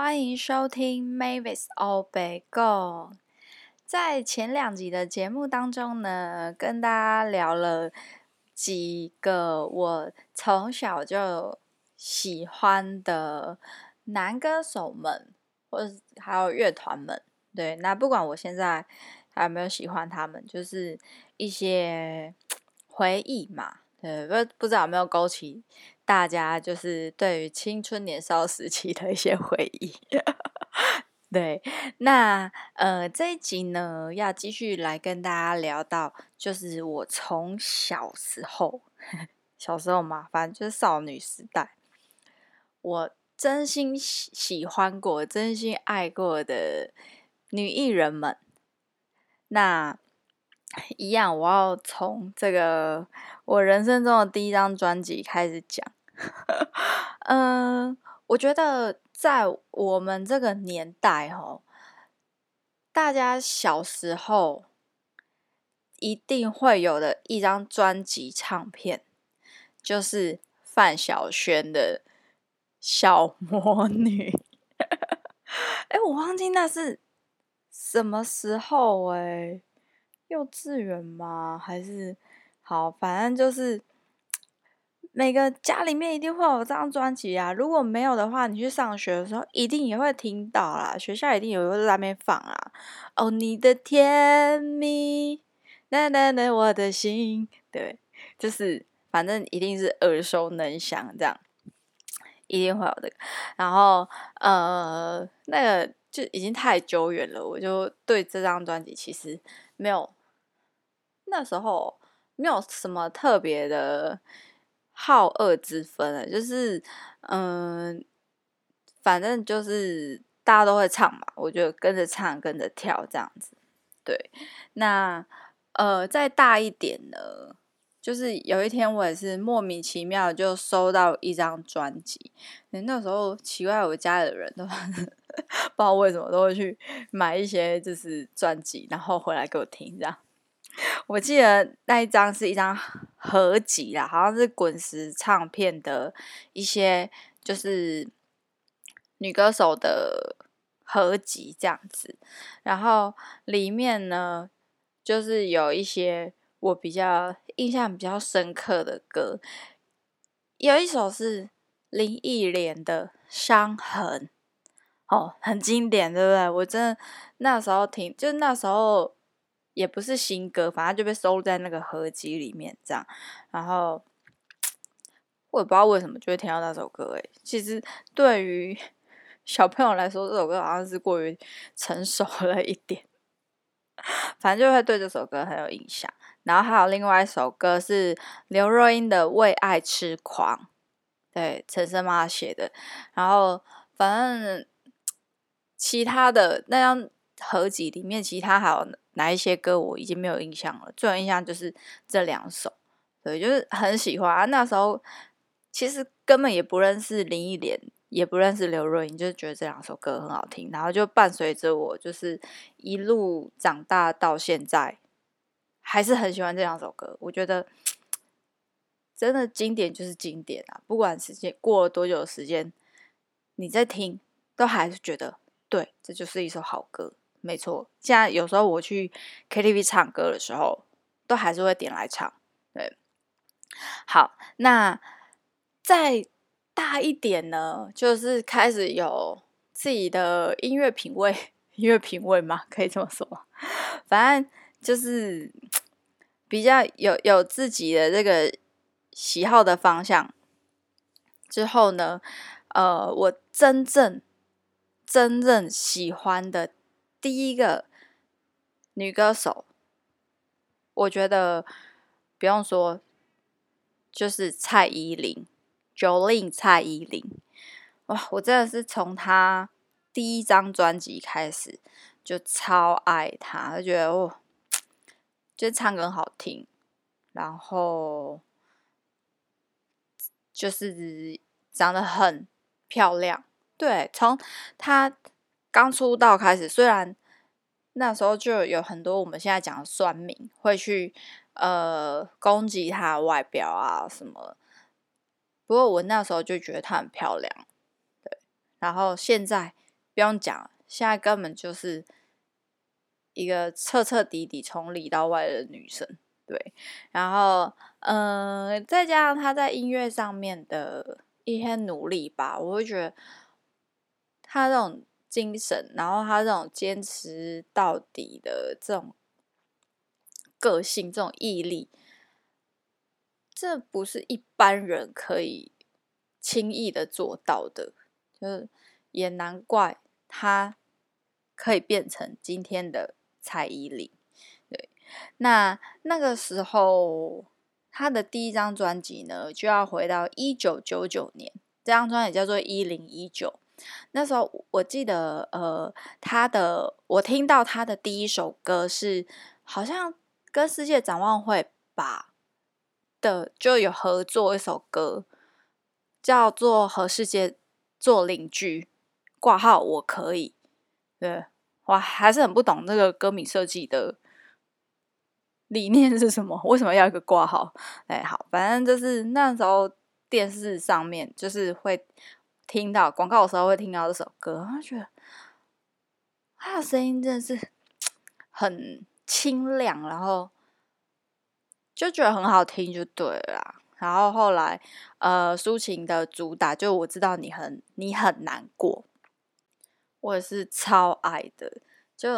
歡迎收聽《Mavis o Be Go》。在前兩集的節目當中呢，跟大家聊了幾個我從小就喜歡的男歌手們，或者還有樂團們。對，那不管我現在還有沒有喜歡他們，就是一些回憶嘛。對，不，不知道有沒有勾起。大家就是對於青春年少時期的一些回憶， 對，那呃這一集呢要繼續來跟大家聊到，就是我從小時候小時候嘛，反正就是少女時代，我真心喜喜歡過、真心愛過的女藝人們，那一樣我要從這個我人生中的第一張專輯開始講。 嗯，我覺得在我們這個年代、哦，吼，大家小時候一定會有的一張專輯唱片，就是范曉萱的《小魔女》 誒。誒，我忘記那是什麼時候誒，幼稚園嗎？還是好，反正就是。每個家裡面一定會有這張專輯啊！如果沒有的話，你去上學的時候一定也會聽到啦。學校一定有在那邊放啊。哦，你的甜蜜，吶吶吶，我的心，對，就是反正一定是耳熟能詳這樣，一定會有這個。然後呃，那個就已經太久遠了，我就對這張專輯其實沒有，那時候沒有什麼特別的。好惡之分啊，就是，嗯、呃，反正就是大家都會唱嘛，我就跟着唱，跟着跳這樣子。對，那呃再大一點呢，就是有一天我也是莫名其妙就收到一張專輯，那時候奇怪，我家裡的人都不知道為什麼都會去買一些就是專輯，然後回來給我聽這樣。我記得那一張是一張合輯啦，好像是滾石唱片的一些就是女歌手的合輯這樣子。然後裡面呢，就是有一些我比較印象比較深刻的歌，有一首是林憶蓮的《傷痕》，哦，很經典，對不對？我真的那時候聽，就那時候。也不是新歌，反正就被收錄在那個合集裡面，這樣。然後我也不知道為什麼就會聽到那首歌，哎，其實對於小朋友來說，這首歌好像是過於成熟了一點。反正就會對這首歌很有印象。然後還有另外一首歌是劉若英的《為愛痴狂》，對，陳升媽寫的。然後反正其他的那張合集裡面，其他還有。哪一些歌我已經沒有印象了，最有印象就是這兩首，所以就是很喜歡。那時候其實根本也不認識林憶蓮，也不認識劉若英，就是覺得這兩首歌很好聽，然後就伴隨着我，就是一路長大到現在，還是很喜歡這兩首歌。我覺得嘖嘖真的經典就是經典啊，不管時間過了多久，時間你再聽，都還是覺得對，這就是一首好歌。沒錯，現在有時候我去 KTV 唱歌的時候，都還是會點來唱。對，好，那再大一點呢，就是開始有自己的音樂品味，音樂品味嘛，可以這麼說，反正就是比較有有自己的這個喜好的方向。之後呢，呃，我真正真正喜歡的。第一個女歌手，我覺得不用說，就是蔡依林，Jolin 蔡依林。哇，我真的是從她第一張專輯開始就超愛她，就覺得哦，就唱歌很好聽，然後就是長得很漂亮。對，從她。剛出道開始，雖然那時候就有很多我們現在講的酸民會去呃攻擊她外表啊什麼的，不過我那時候就覺得她很漂亮，對。然後現在不用講，現在根本就是一個徹徹底底從裡到外的女神，對。然後嗯、呃，再加上她在音樂上面的一些努力吧，我會覺得她這種。精神，然後他這種堅持到底的這種個性、這種毅力，這不是一般人可以輕易的做到的，就是也難怪他可以變成今天的蔡依林。對，那那個時候他的第一張專輯呢，就要回到一九九九年，這張專輯叫做《一零一九》。那時候我記得，呃，他的我聽到他的第一首歌是，好像跟世界展望會吧的就有合作一首歌，叫做《和世界做鄰居》，掛號我可以，對，我，還是很不懂那個歌名設計的理念是什麼？為什麼要一個掛號？哎，好，反正就是那時候電視上面就是會。聽到廣告的時候會聽到這首歌，我覺得他的聲音真的是很清亮，然後就覺得很好聽，就對了。然後後來，呃，抒情的主打就我知道你很你很難過，我也是超愛的，就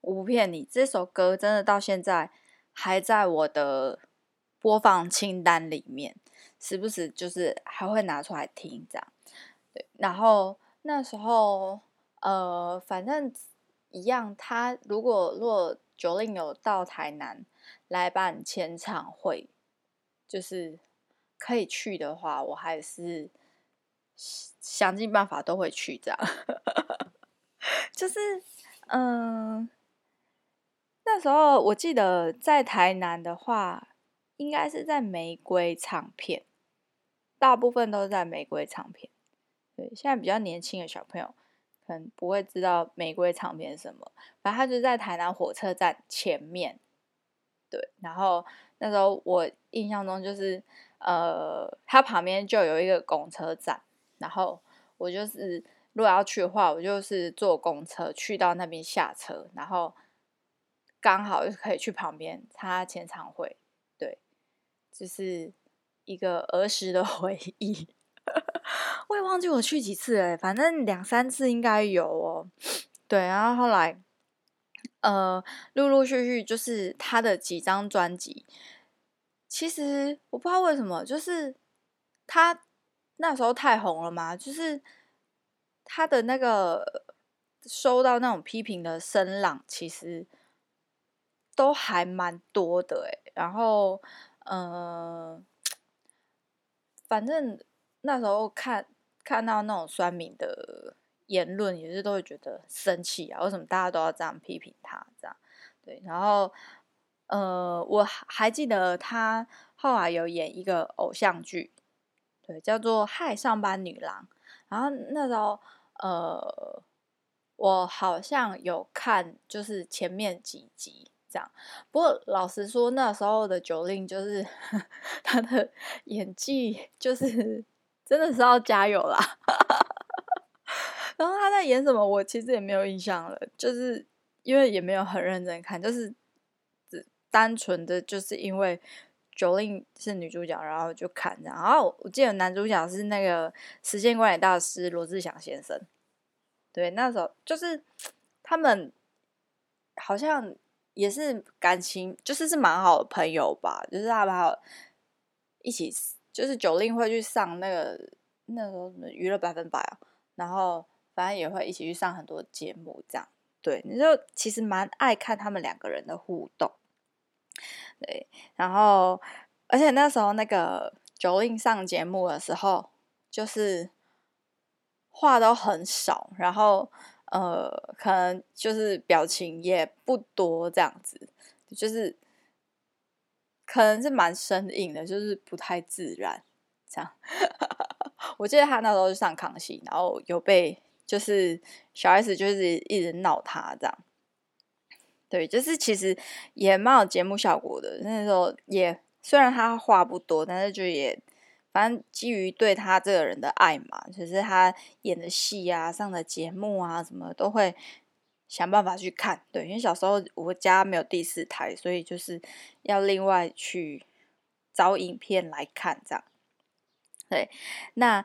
我不騙你，這首歌真的到現在還在我的播放清單裡面，時不時就是還會拿出來聽，這樣。然後那時候，呃，反正一樣。他如果如果 Jolin 有到台南來辦簽唱會，就是可以去的話，我還是想盡辦法都會去。這樣， 就是嗯、呃，那時候我記得在台南的話，應該是在玫瑰唱片，大部分都是在玫瑰唱片。對，現在比較年輕的小朋友可能不會知道玫瑰唱片是什麼，反正他就是在台南火車站前面，對，然後那時候我印象中就是，呃，他旁邊就有一個公車站，然後我就是如果要去的話，我就是坐公車去到那邊下車，然後剛好就可以去旁邊看他簽唱會，對，就是一個兒時的回憶。我也忘記我去幾次誒，反正兩三次應該有哦。對，然後後來，呃，陸陸續續就是他的幾張專輯，其實我不知道為什麼，就是他那時候太紅了嘛，就是他的那個收到那種批評的聲浪，其實都還蠻多的誒。然後，嗯，呃，反正那時候看。看到那種酸民的言論，也是都會覺得生氣啊！為什麼大家都要這樣批評他？這樣對，然後呃，我還記得他後來有演一個偶像劇，對，叫做《嗨上班女郎》。然後那時候，呃，我好像有看，就是前面幾集這樣。不過老實說，那時候的 Jolin 就是呵呵他的演技就是。真的是要加油啦！ 然後他在演什麼，我其實也沒有印象了，就是因為也沒有很認真看，就是只單純的就是因為 Jolin 是女主角，然後就看，然後我記得男主角是那個時間管理大師羅志祥先生，對，那時候就是他們好像也是感情就是是蠻好的朋友吧，就是他們一起。就是 Jolin 會去上那個那時候什麼娛樂百分百哦，然後反正也會一起去上很多節目這樣。對，你就其實蠻愛看他們兩個人的互動。對，然後而且那時候那個 Jolin 上節目的時候，就是話都很少，然後呃，可能就是表情也不多這樣子，就是。可能是蠻生硬的，就是不太自然。這樣， 我記得他那時候是上康熙，然後有被就是小 S 就是一直鬧他這樣。對，就是其實也蠻有節目效果的。那時候也雖然他話不多，但是就也反正基於對他這個人的愛嘛，就是他演的戲啊、上的節目啊什麼都會。想辦法去看，對，因為小時候我家沒有第四台，所以就是要另外去找影片來看，這樣。對，那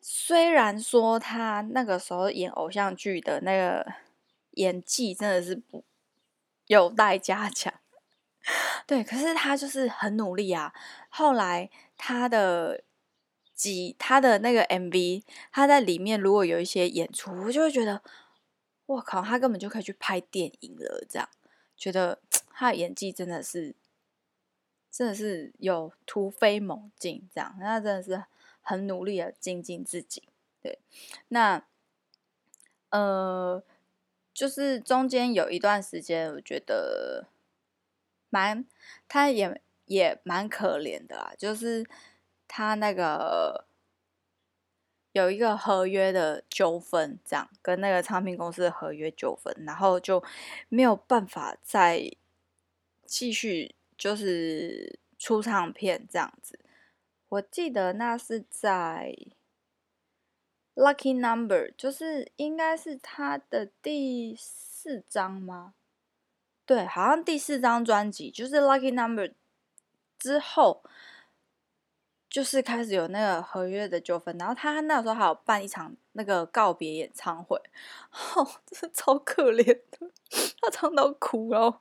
雖然說他那個時候演偶像劇的那個演技真的是不有待加強，對，可是他就是很努力啊。後來他的幾他的那個 MV，他在裡面如果有一些演出，我就會覺得。我靠，他根本就可以去拍電影了，這樣，覺得他的演技真的是，真的是有突飛猛進，這樣，他真的是很努力的精進，進自己，對，那，呃，就是中間有一段時間，我覺得，蠻，他也也蠻可憐的啦，就是他那個。有一個合約的糾紛，這樣跟那個唱片公司的合約糾紛，然後就沒有辦法再繼續，就是出唱片這樣子。我記得那是在《Lucky Number》，就是應該是他的第四張嗎？對，好像第四張專輯，就是《Lucky Number》之後。就是開始有那個合約的糾紛，然後他那時候還有辦一場那個告別演唱會，哦，真是超可憐的， 他唱到哭，哦，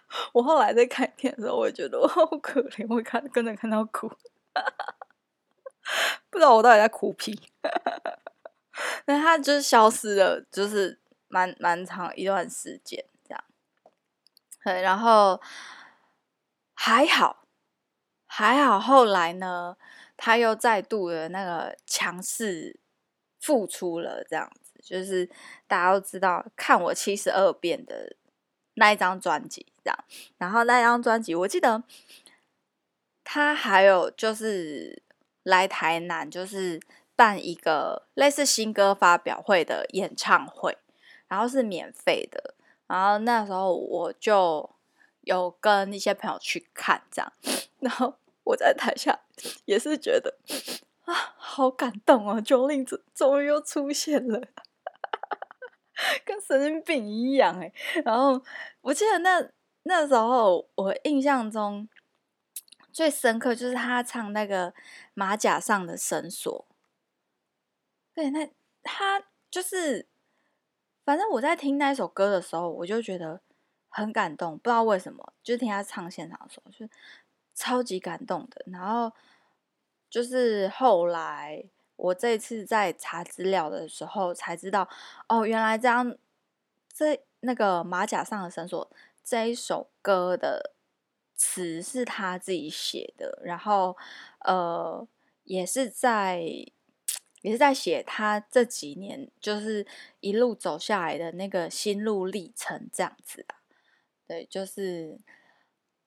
我後來在看片的時候，我也覺得我好可憐，我看跟着看到哭， 不知道我到底在哭屁，那他就是消失了，就是蠻蠻長一段時間這樣，對，okay，然後還好。還好，後來呢，他又再度的那個強勢復出了，這樣子就是大家都知道看我七十二變的那一張專輯，這樣。然後那張專輯，我記得他還有就是來台南，就是辦一個類似新歌發表會的演唱會，然後是免費的。然後那時候我就有跟一些朋友去看，這樣，然後。我在台下也是覺得啊，好感動哦、啊！Jolin 終於又出現了， 跟神經病一樣哎、欸。然後我記得那那時候，我印象中最深刻就是他唱那個馬甲上的繩索。對，那他就是，反正我在聽那首歌的時候，我就覺得很感動，不知道為什麼，就是、聽他唱現場的時候就是。超級感動的，然後就是後來我這次在查資料的時候才知道，哦，原來這樣。這那個馬甲上的繩索這一首歌的詞是他自己寫的，然後呃，也是在也是在寫他這幾年就是一路走下來的那個心路歷程這樣子吧。對，就是。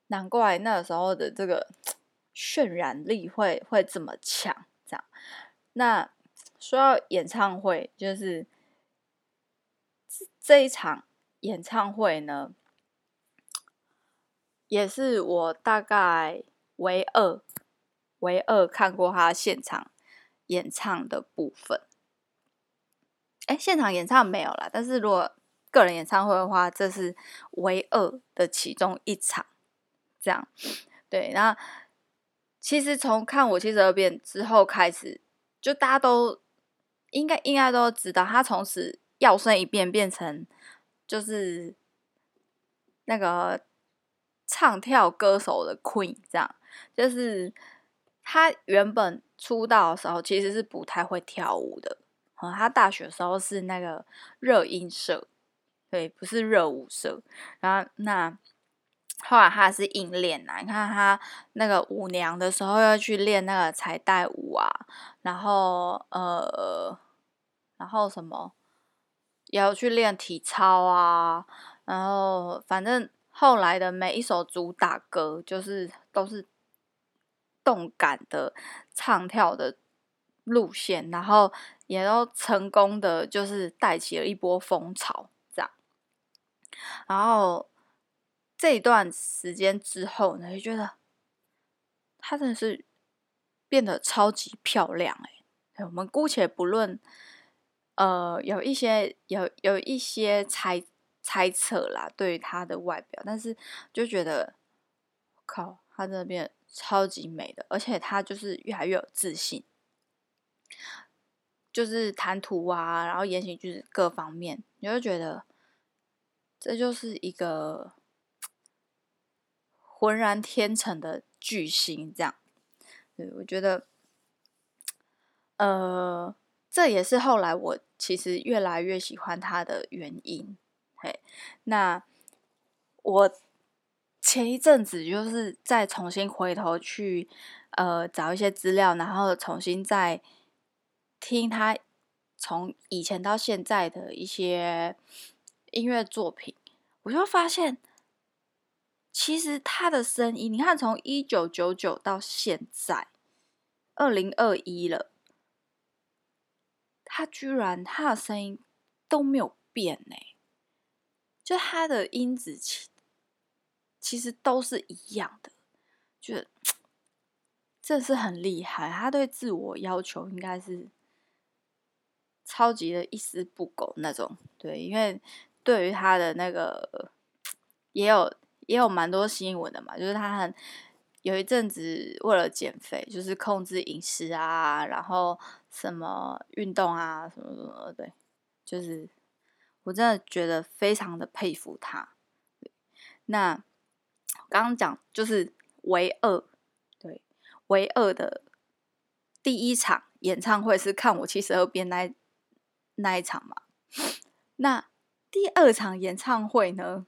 難怪那時候的這個渲染力，會會這麼強，這樣。那說到演唱會，就是這一場演唱會呢，也是我大概唯二唯二看過他現場演唱的部分。哎，現場演唱沒有啦，但是如果個人演唱會的話，這是唯二的其中一場。這樣，對，那其實從看我七十二變之後開始，就大家都應該應該都知道，他從此搖身一變變成就是那個唱跳歌手的 Queen。這樣，就是他原本出道的時候其實是不太會跳舞的，嗯、他大學的時候是那個熱音社，對，不是熱舞社，然後那。那後來他是硬練啊，你看他那個舞娘的時候要去練那個彩帶舞啊，然後呃，然後什麼，也要去練體操啊，然後反正後來的每一首主打歌就是都是動感的、唱跳的路線，然後也都成功的，就是帶起了一波風潮這樣，然後。這一段時間之後呢，你就覺得她真的是變得超級漂亮誒，欸，我們姑且不論，呃，有一些有有一些猜猜測啦，對於她的外表，但是就覺得靠，她真的變得超級美的，而且她就是越來越有自信，就是談吐啊，然後言行舉止各方面，你就覺得這就是一個。渾然天成的巨星，這樣，對，我覺得，呃，這也是後來我其實越來越喜歡他的原因。嘿，那我前一陣子就是再重新回頭去呃找一些資料，然後重新再聽他從以前到現在的一些音樂作品，我就發現。其實他的聲音，你看，從一九九九到現在二零二一了，他居然他的聲音都沒有變呢，就他的音質其其實都是一樣的，就這是很厲害。他對自我要求應該是超級的一絲不苟那種，對，因為對於他的那個也有。也有蠻多新聞的嘛，就是他很有一陣子為了減肥，就是控制飲食啊，然後什麼運動啊，什麼什麼的，對，就是我真的覺得非常的佩服他。那剛剛講就是唯二，對，唯二的第一場演唱會是看我七十二變那那一場嘛，那第二場演唱會呢？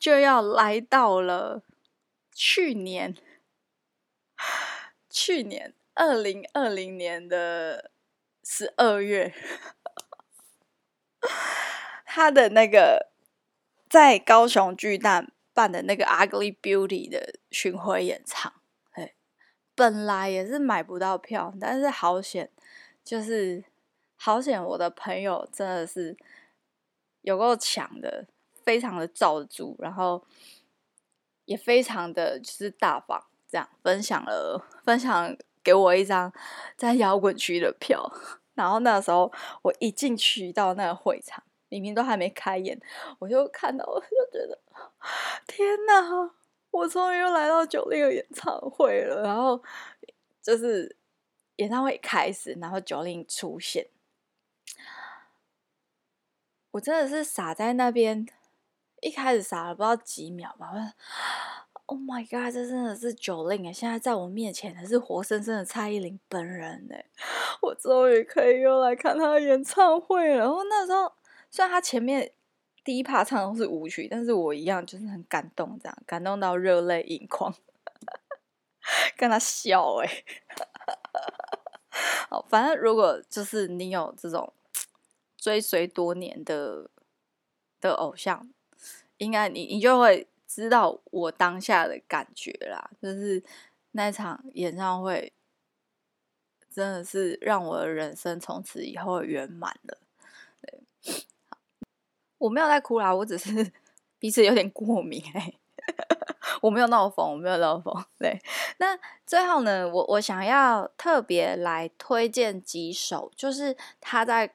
就要來到了去年，去年二零二零年的十二月，他的那個在高雄巨蛋辦的那個《Ugly Beauty》的巡迴演唱，對，本來也是買不到票，但是好險，就是好險，我的朋友真的是有夠強的。非常的罩住，然後也非常的就是大方，這樣分享了，分享給我一張在搖滾區的票。然後那時候我一進去到那個會場，明明都還沒開演，我就看到我就覺得天吶，我終於又來到 Jolin 的演唱會了。然後就是演唱會開始，然後 Jolin 出現，我真的是傻在那邊。一開始傻了不知道幾秒吧，我 Oh my God，這真的是 Jolin 哎！現在在我面前的是活生生的蔡依林本人哎、欸！我終於可以又來看她的演唱會了。然後那時候雖然她前面第一 part 唱的是舞曲，但是我一樣就是很感動，這樣感動到熱淚盈眶， 跟她笑欸。 好，反正如果就是你有這種追隨多年的的偶像，應該你你就會知道我當下的感覺啦，就是那場演唱會真的是讓我的人生從此以後圓滿了。對，好，我沒有在哭啦，我只是鼻子有點過敏、欸。 我沒有鬧風，我沒有鬧風。對，那最後呢，我我想要特別來推薦幾首，就是他在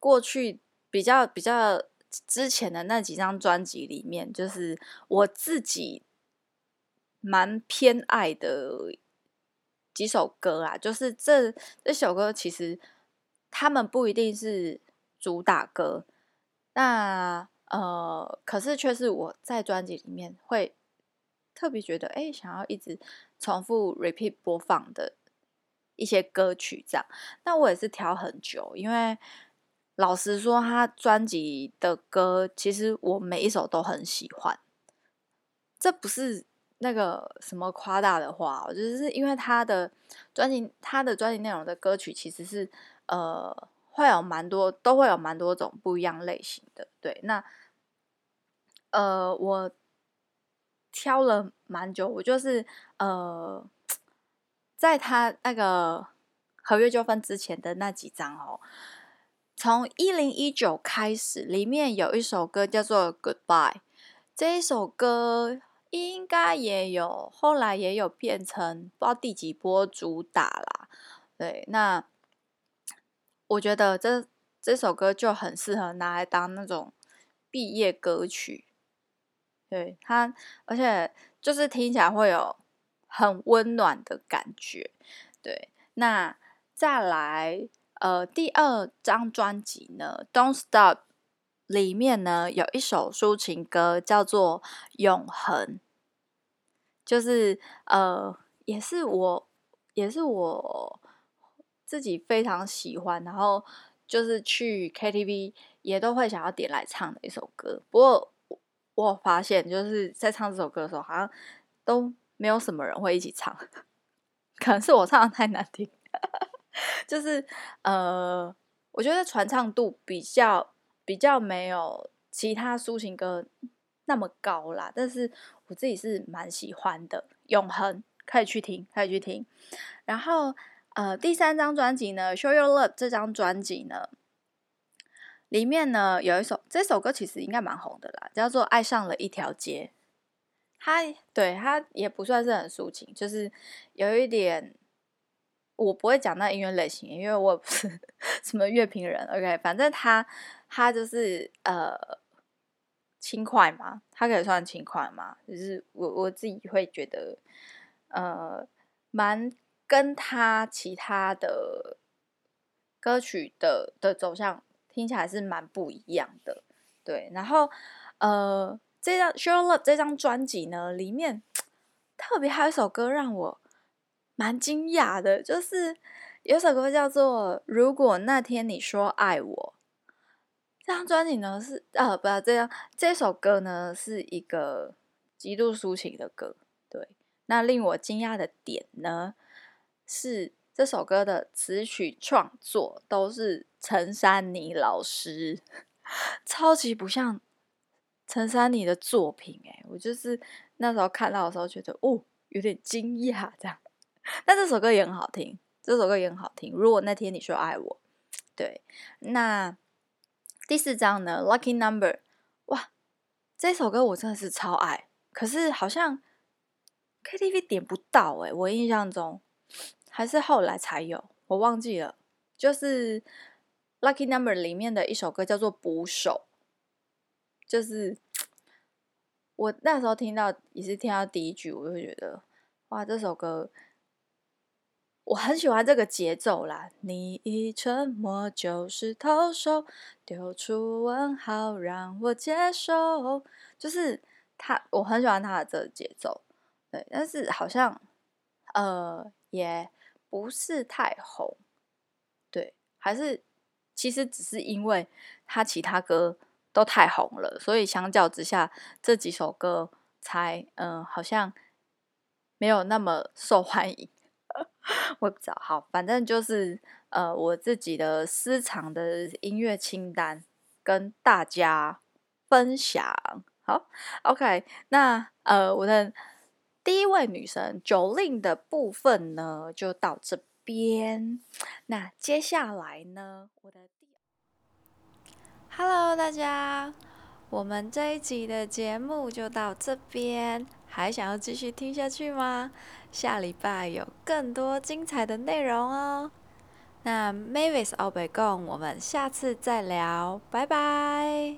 過去比較比較。之前的那幾張專輯裡面，就是我自己蠻偏愛的幾首歌啊，就是這這首歌其實他們不一定是主打歌，那呃，可是卻是我在專輯裡面會特別覺得哎、欸，想要一直重複 repeat 播放的一些歌曲，這樣。那我也是挑很久，因為。老實說，他專輯的歌其實我每一首都很喜歡，這不是那個什麼誇大的話，我就是因為他的專輯，他的專輯內容的歌曲其實是呃會有蠻多，都會有蠻多種不一樣類型的。對，那呃我挑了蠻久，我就是呃在他那個合約糾紛之前的那幾張哦。從一零一九開始，裡面有一首歌叫做《Goodbye》，這一首歌應該也有，後來也有變成，不知道第幾波主打啦。對，那我覺得這這首歌就很適合拿來當那種畢業歌曲，對它，而且就是聽起來會有很溫暖的感覺。對，那再來。呃，第二張專輯呢，《Don't Stop》裡面呢有一首抒情歌叫做《永恆》，就是呃，也是我也是我自己非常喜歡，然後就是去 KTV 也都會想要點來唱的一首歌。不過我，我發現就是在唱這首歌的時候，好像都沒有什麼人會一起唱，可能是我唱的太難聽。就是呃，我覺得傳唱度比較比較沒有其他抒情歌那麼高啦，但是我自己是蠻喜歡的，《永恆》可以去聽，可以去聽。然後呃，第三張專輯呢，《Show Your Love》這張專輯呢，裡面呢有一首這首歌，其實應該蠻紅的啦，叫做《愛上了一條街》。它對它也不算是很抒情，就是有一點。我不會講那音樂類型，因為我不是什麼樂評人。OK，反正他他就是呃輕快嘛，他可以算輕快嘛。就是我我自己會覺得呃蠻跟他其他的歌曲的的走向聽起來是蠻不一樣的。對，然後呃這張《Show Your Love》這張專輯呢，裡面特別還有一首歌讓我。蠻驚訝的，就是有首歌叫做《如果那天你說愛我》，這張專輯呢是呃、啊，不要這樣，這首歌呢是一個極度抒情的歌。對，那令我驚訝的點呢是這首歌的詞曲創作都是陳珊妮老師，超級不像陳珊妮的作品哎，我就是那時候看到的時候覺得哦，有點驚訝這樣。但這首歌也很好聽，這首歌也很好聽。如果那天你說愛我，對，那第四張呢？Lucky Number，哇，這首歌我真的是超愛。可是好像 KTV 點不到哎、欸，我印象中還是後來才有，我忘記了。就是 Lucky Number 裡面的一首歌叫做《捕手》，就是我那時候聽到也是聽到第一句，我就覺得哇，這首歌。我很喜歡這個節奏啦！你一沉默就是投手，丟出問號讓我接受。就是他，我很喜歡他的這個節奏。對，但是好像呃，也不是太紅。對，還是其實只是因為他其他歌都太紅了，所以相較之下，這幾首歌才嗯、呃，好像沒有那麼受歡迎。我不知道，好，反正就是呃，我自己的私藏的音樂清單跟大家分享。好，OK，那呃，我的第一位女神 Jolin 的部分呢，就到這邊。那接下來呢，我的第 Hello 大家，我們這一集的節目就到這邊。還想要繼續聽下去嗎？下禮拜有更多精彩的內容哦。那 Mavis 歐北共，我們下次再聊，拜拜。